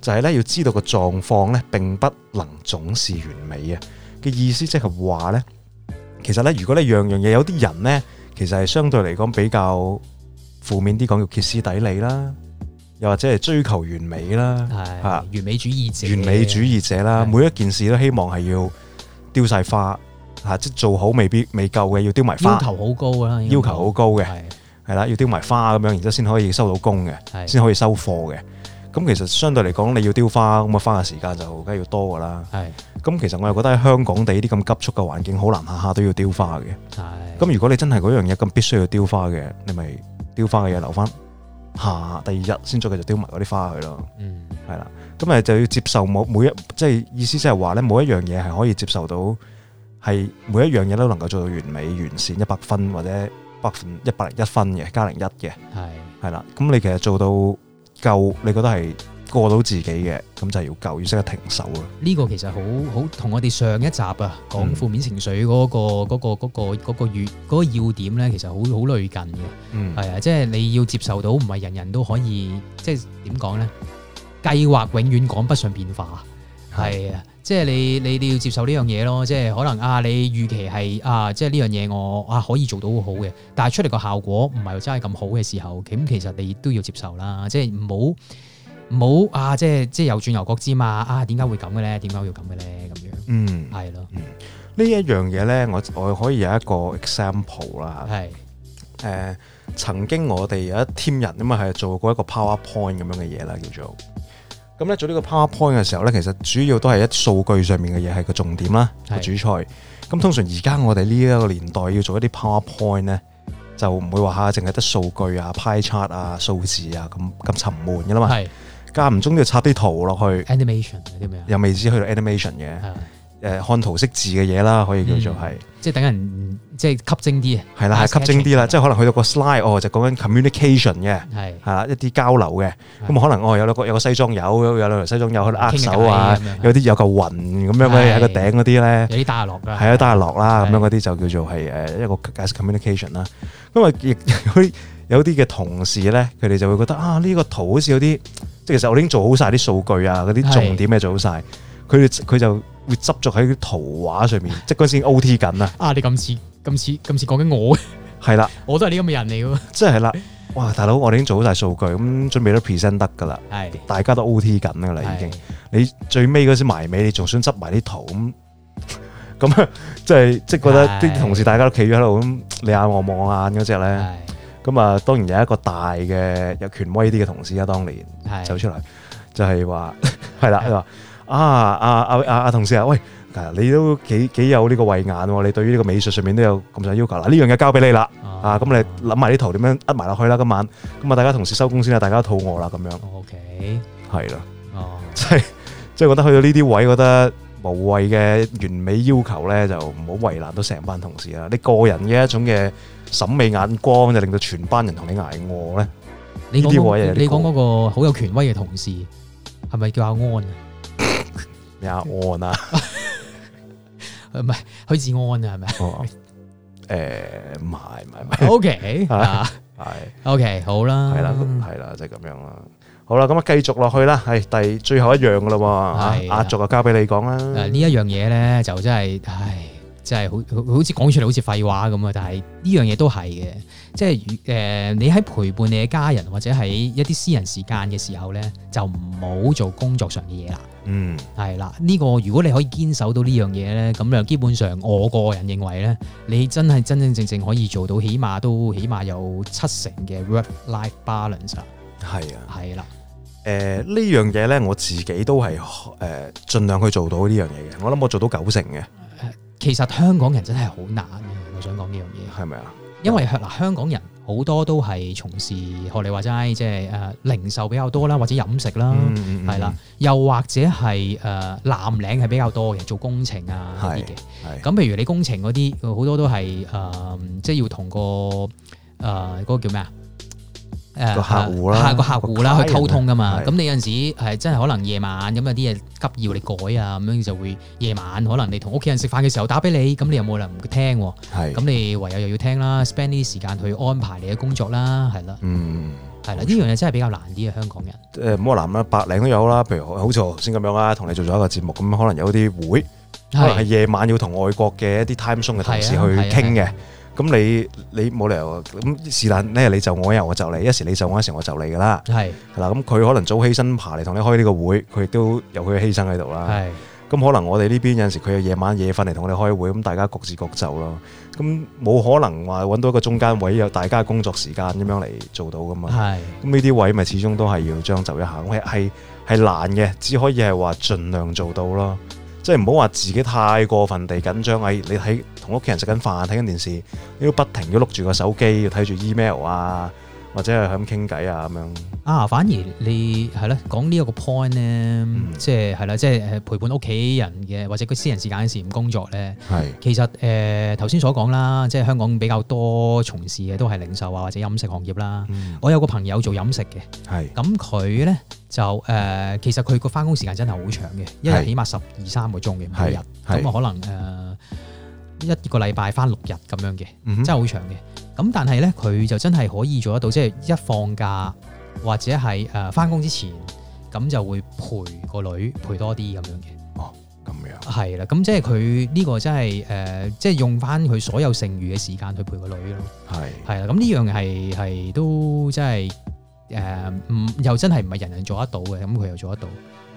Speaker 1: 就係咧，要知道個狀況咧，並不能總是完美啊嘅意思，即係話咧，其實咧，如果咧樣樣嘢有啲人咧，其實係相對嚟講比較負面啲講，要歇斯底里啦，又或者係追求完美啦，係啊，完美主義者，完美主義者啦，每一件事都希望係要丟晒花啊，即係做好未必未夠嘅，要丟埋花，要求好
Speaker 2: 高啦，要求好
Speaker 1: 高嘅，係啦，要丟埋花咁樣，然之後先可以收到工嘅，係先可以收貨嘅。咁其實相對嚟講，你要雕花咁啊，花嘅時間就梗係要多噶啦。係。咁其實我又覺得喺香港地啲咁急促嘅環境，好難下下都要雕花嘅。係。咁如果你真係嗰樣嘢咁必須要雕花嘅，你咪雕花嘅嘢留翻下，第二日先再繼續雕埋嗰啲花去咯。嗯。係啦。咁誒就要接受每每一，即係意思即係話咧，每一樣嘢係可以接受到，係每一樣嘢都能夠做到完美、完善一百分或者百分一百零一分嘅加零一嘅。係。係啦。咁你其實做到。夠你覺得係過到自己嘅，咁就要夠，要識得停手啦。
Speaker 2: 呢個其實好好同我哋上一集啊，講負面情緒嗰、那個、嗰、嗯那個、嗰、那個、嗰、那個要嗰、那個要點咧，其實好好類近嘅，係、嗯、啊，即係你要接受到，唔係人人都可以，即係點講咧？計劃永遠趕不上變化，係啊。即係你你你要接受呢樣嘢咯，即係可能啊，你預期係啊，即係呢樣嘢我啊可以做到會好嘅，但係出嚟個效果唔係真係咁好嘅時候，咁其實你都要接受啦，即係唔好唔好啊，即係即係又轉牛角尖之嘛啊，點解會咁嘅咧？點解要咁嘅咧？咁樣嗯係咯，
Speaker 1: 呢一、嗯嗯、樣嘢咧，我我可以有一個 example 啦，係誒是、呃、曾經我哋有一 team 人咁啊，係做過一個 PowerPoint 咁樣嘅嘢啦，叫做。咁咧做呢個 PowerPoint 嘅時候咧，其實主要都係一數據上面嘅嘢係個重點啦，係是的 主菜。咁通常而家我哋呢一個年代要做一啲 PowerPoint 咧，就唔會話吓淨係得數據啊、Pie chart 啊、數字啊咁咁沉悶㗎啦嘛。係，間唔中都要插啲圖落去。Animation 啲咩啊？又未知去到 Animation 嘅。誒看圖識字嘅嘢啦，可以叫做係
Speaker 2: 即係等人即係吸睛啲啊，係啦係吸睛啲啦，
Speaker 1: 即係可能去到個 slide 哦，就講緊 communication 嘅係啦一啲交流嘅，咁可能哦有兩個有個西裝友有兩條西裝友喺度握手啊，有啲有嚿雲咁樣咧喺個頂嗰啲咧，有啲打落㗎，係啊打落啦咁樣嗰啲就叫做係誒一個介紹 communication 啦，咁為亦有啲嘅同事咧，佢哋就會覺得啊呢個圖好似有啲即係其實我已經做好晒啲數據啊嗰啲重點嘅做好晒。佢哋佢就會執著喺啲圖畫上面，即嗰陣時 OT 緊啊！啊，你咁似咁似咁似講緊我嘅，係啦
Speaker 2: 的，我都係呢咁嘅人嚟嘅，即係啦。哇，大
Speaker 1: 佬，我哋已經做好曬數據，咁準備咗 present 得噶啦，是的 大家都 OT 緊噶啦，是的 已經。你最尾嗰時埋尾，你仲想執埋啲圖咁咁即係即覺得啲同事大家都企咗喺度咁，你眼望望眼嗰隻咧，咁啊，當然有一個大嘅有權威啲嘅同事啦。當年走出嚟就係、是、話，係啦的，話的。 <laughs> 啊啊啊啊啊！同事啊，喂，你都幾幾有呢個慧眼喎！你對於呢個美術上面都有咁上要求，嗱呢樣嘢交俾你啦。啊，咁你諗埋呢圖，點、啊啊嗯、樣噏埋落去啦？今晚，咁、嗯、啊，大家同事收工先啦，大家肚餓啦，咁樣。OK，係啦。即係即係，啊就是就是、覺得去到呢啲位，覺得無謂嘅完美要求咧，就唔好為難到成班同事啦。你個人嘅一種嘅審美眼光，就令到全班人同你挨餓咧。呢啲位個，位這個、你講
Speaker 2: 嗰個好有權威嘅同事，係咪叫阿安？咩 <laughs> 安啊？唔係許志安啊？係咪、哦？誒、呃，唔係唔係唔係。O K 啊，係 O K，好啦，係啦，係啦，就係咁樣啦。好啦，咁啊，
Speaker 1: 繼續落去啦。係第最後一樣噶的、啊、啦，係壓軸啊，交俾你講啦。誒，呢
Speaker 2: 一樣嘢咧，就真係，唉、哎。即係好好似講出嚟好似廢話咁啊！但係呢樣嘢都係嘅，即係誒，你喺陪伴你嘅家人或者喺一啲私人時間嘅時候咧，就唔好做工作上嘅嘢啦。嗯，係啦，呢個如果你可以堅守到呢樣嘢咧，咁就基本上我個人認為咧，你真係真真正正可以做到，起碼都起碼有七成嘅 work-life balance 啦。係啊，係啦，
Speaker 1: 誒呢樣嘢咧，我自己都係誒盡量去做到呢樣嘢嘅。我諗我做到九
Speaker 2: 成嘅。其實香港人真係好難嘅，我想講呢樣嘢。係咪啊？因為嗱，香港人好多都係從事學你話齋，即係誒零售比較多啦，或者飲食啦，係啦、嗯嗯，又或者係誒、呃、藍領係比較多嘅，做工程啊啲嘅。咁譬是的如你工程嗰啲好多都係誒、呃，即係要同個誒嗰、呃嗰個叫咩啊？個客戶啦，下個客戶啦，去溝通噶嘛。咁是的 你有陣時係真係可能夜晚咁有啲嘢急要你改啊，咁樣就會夜晚可能你同屋企人食飯嘅時候打俾你，咁你又有冇能唔聽、啊？係咁是的 你唯有又要聽啦，spend 呢啲時間去安排你嘅工作啦，係啦，嗯，係啦，呢樣嘢真係比較難啲嘅香港人。
Speaker 1: 誒、嗯，唔好話男啦，白領都有啦，譬如好似我頭先咁樣啦，同你做咗一個節目咁可能有啲會的，可能係夜晚要同外國嘅一啲 time zone 嘅同事去傾嘅。的的咁你你冇理由咁是但咧，你就我又我就你，一時你就我，一時我就你噶啦。係嗱是，咁佢可能早起身爬嚟同你開呢個會，佢亦都有佢嘅犧牲喺度啦。係咁是可能我哋呢邊有陣時佢又夜晚夜瞓嚟同我哋開會，咁大家各自各就咯。咁冇可能話揾到一個中間位有大家工作時間咁樣嚟做到噶嘛。係咁呢啲位咪始終都係要將就一下，係係係難嘅，只可以係話盡量做到咯。即係唔好話自己太過分地緊張。係你睇。我屋企人食緊飯睇緊電視，你都不停要碌住個手機，要睇住 email 啊，或者係喺咁傾偈啊咁樣。
Speaker 2: 啊，反而你係咧講呢一個 point 咧，即係係啦，即係陪伴屋企人嘅，或者佢私人時間嘅事唔工作咧。係，其實誒頭先所講啦，即係香港比較多從事嘅都係零售啊，或者飲食行業啦。我有個朋友做飲食嘅，係咁佢咧就誒，其實佢個翻工時間真係好長嘅，一日起碼十二三個鐘嘅每日，咁啊可能誒。一個禮拜翻六日咁樣嘅，嗯哼，真係好長嘅。咁但係咧，佢就真係可以做得到，即係一放假或者係誒翻工之前，咁就會陪個女陪多啲咁樣嘅。哦，咁樣係啦。咁即係佢呢個真係誒、呃，即係用翻佢所有剩餘嘅時間去陪個女咯。係係啦。咁呢樣係係都真係誒，唔、呃、又真係唔係人人做得到嘅。咁佢又做得到。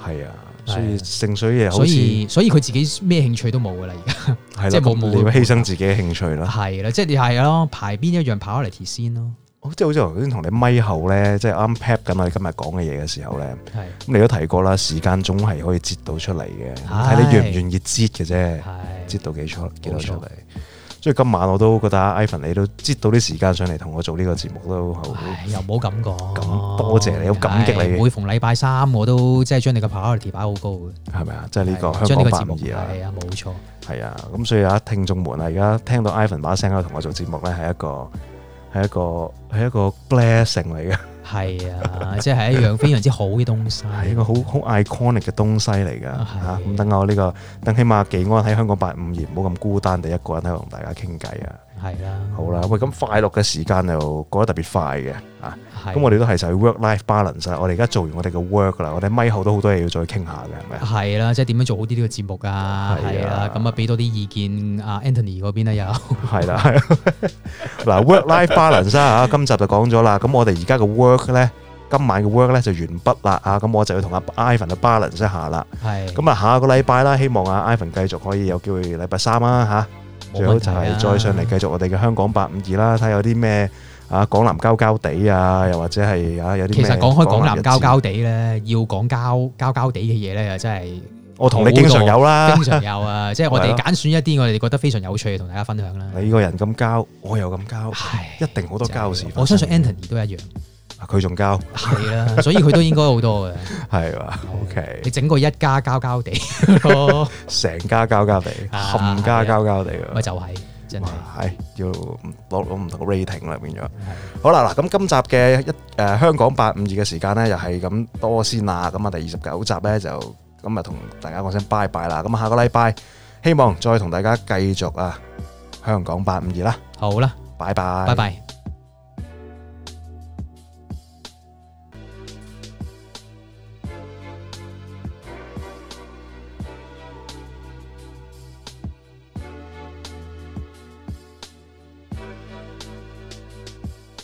Speaker 2: 係啊，所，所以
Speaker 1: 剩水嘢，所以所以佢自
Speaker 2: 己咩興趣都冇噶啦，而家係啦，即係冇冇犧牲
Speaker 1: 自己嘅興趣啦，
Speaker 2: 係啦，啊，即係你係咯，排邊一樣 priority 先咯，啊哦。即
Speaker 1: 係好似頭先同你咪後咧，即係啱 pat 緊我哋今日講嘅嘢嘅時候咧，咁，啊、你都提過啦，時間總係可以擠到出嚟嘅，睇，啊、你願唔願意擠嘅啫，擠到，啊、幾出幾多出嚟。錯所以今晚我都覺得，Ivan 你都擠到啲時間上嚟同我做呢個節目都好，又冇
Speaker 2: 咁講。咁多謝你，好、哦、感激你。每逢禮拜三我都即係將你個 priority 擺好高嘅，係咪啊？即係呢、呢個香港節目，係啊，冇錯。
Speaker 1: 係啊，咁所以啊，聽眾們啊，而家聽到 Ivan 把聲喺度同我做節目咧，係一個係一個係一個 blessing 嚟嘅。係啊，即係一樣非常之
Speaker 2: 好嘅東西，係一個
Speaker 1: 好好 iconic 嘅東西嚟㗎。嚇，咁等我呢、呢個，等起碼技安喺香講852，唔好咁孤單地一個人喺度同大家傾偈啊！係啦，好啦，喂，咁快樂嘅時間又過得特別快嘅啊，咁我哋都係實要 work life balance 啊！我哋而家做完我哋嘅 work 啦，我哋咪後都好多嘢要再傾下嘅，
Speaker 2: 係咪啊？係啦，即係點樣做好啲呢個節目㗎？係啦，咁啊，俾多啲意見啊，Anthony 嗰邊啊有，係啦，係
Speaker 1: 啦，嗱，work life balance 啊，今集就講咗啦，咁我哋而家嘅 work 咧，今晚嘅 work 咧就完畢啦，啊，咁我就要同阿 Ivan 去 balance 一下啦，係，咁啊，下個禮拜啦，希望啊 Ivan 繼續可以有機會禮拜三啊，嚇。最好就係再上嚟繼續我哋嘅香講852啦，睇下的有啲咩啊港南交交地啊，又或者係啊有啲咩其實講開港南交交，
Speaker 2: 交地咧，要講交交交地嘅嘢咧，又真係
Speaker 1: 我同你經常有啦，經常有啊！ <laughs> 即係我哋揀
Speaker 2: 選一啲我哋覺得非常有趣，同大家分享啦。你個人咁交，我又咁交，唉一定好多交時。我相信 Anthony 都一樣。
Speaker 1: 佢仲交，係啦，所以佢都應該好多嘅，係嘛，OK，你整
Speaker 2: 個一家交交地，
Speaker 1: 成家交交地，冚家交交地，咪就係，真係，係要攞到唔同 rating 啦，變咗，係，好啦，嗱，咁今集嘅一誒香港八五二嘅時間咧，又係咁多先啦，咁啊第二十九集咧就咁啊同大家講聲拜拜啦，咁啊下個禮拜希望再同大家繼續啊香港八五二啦，好啦，拜拜，拜拜。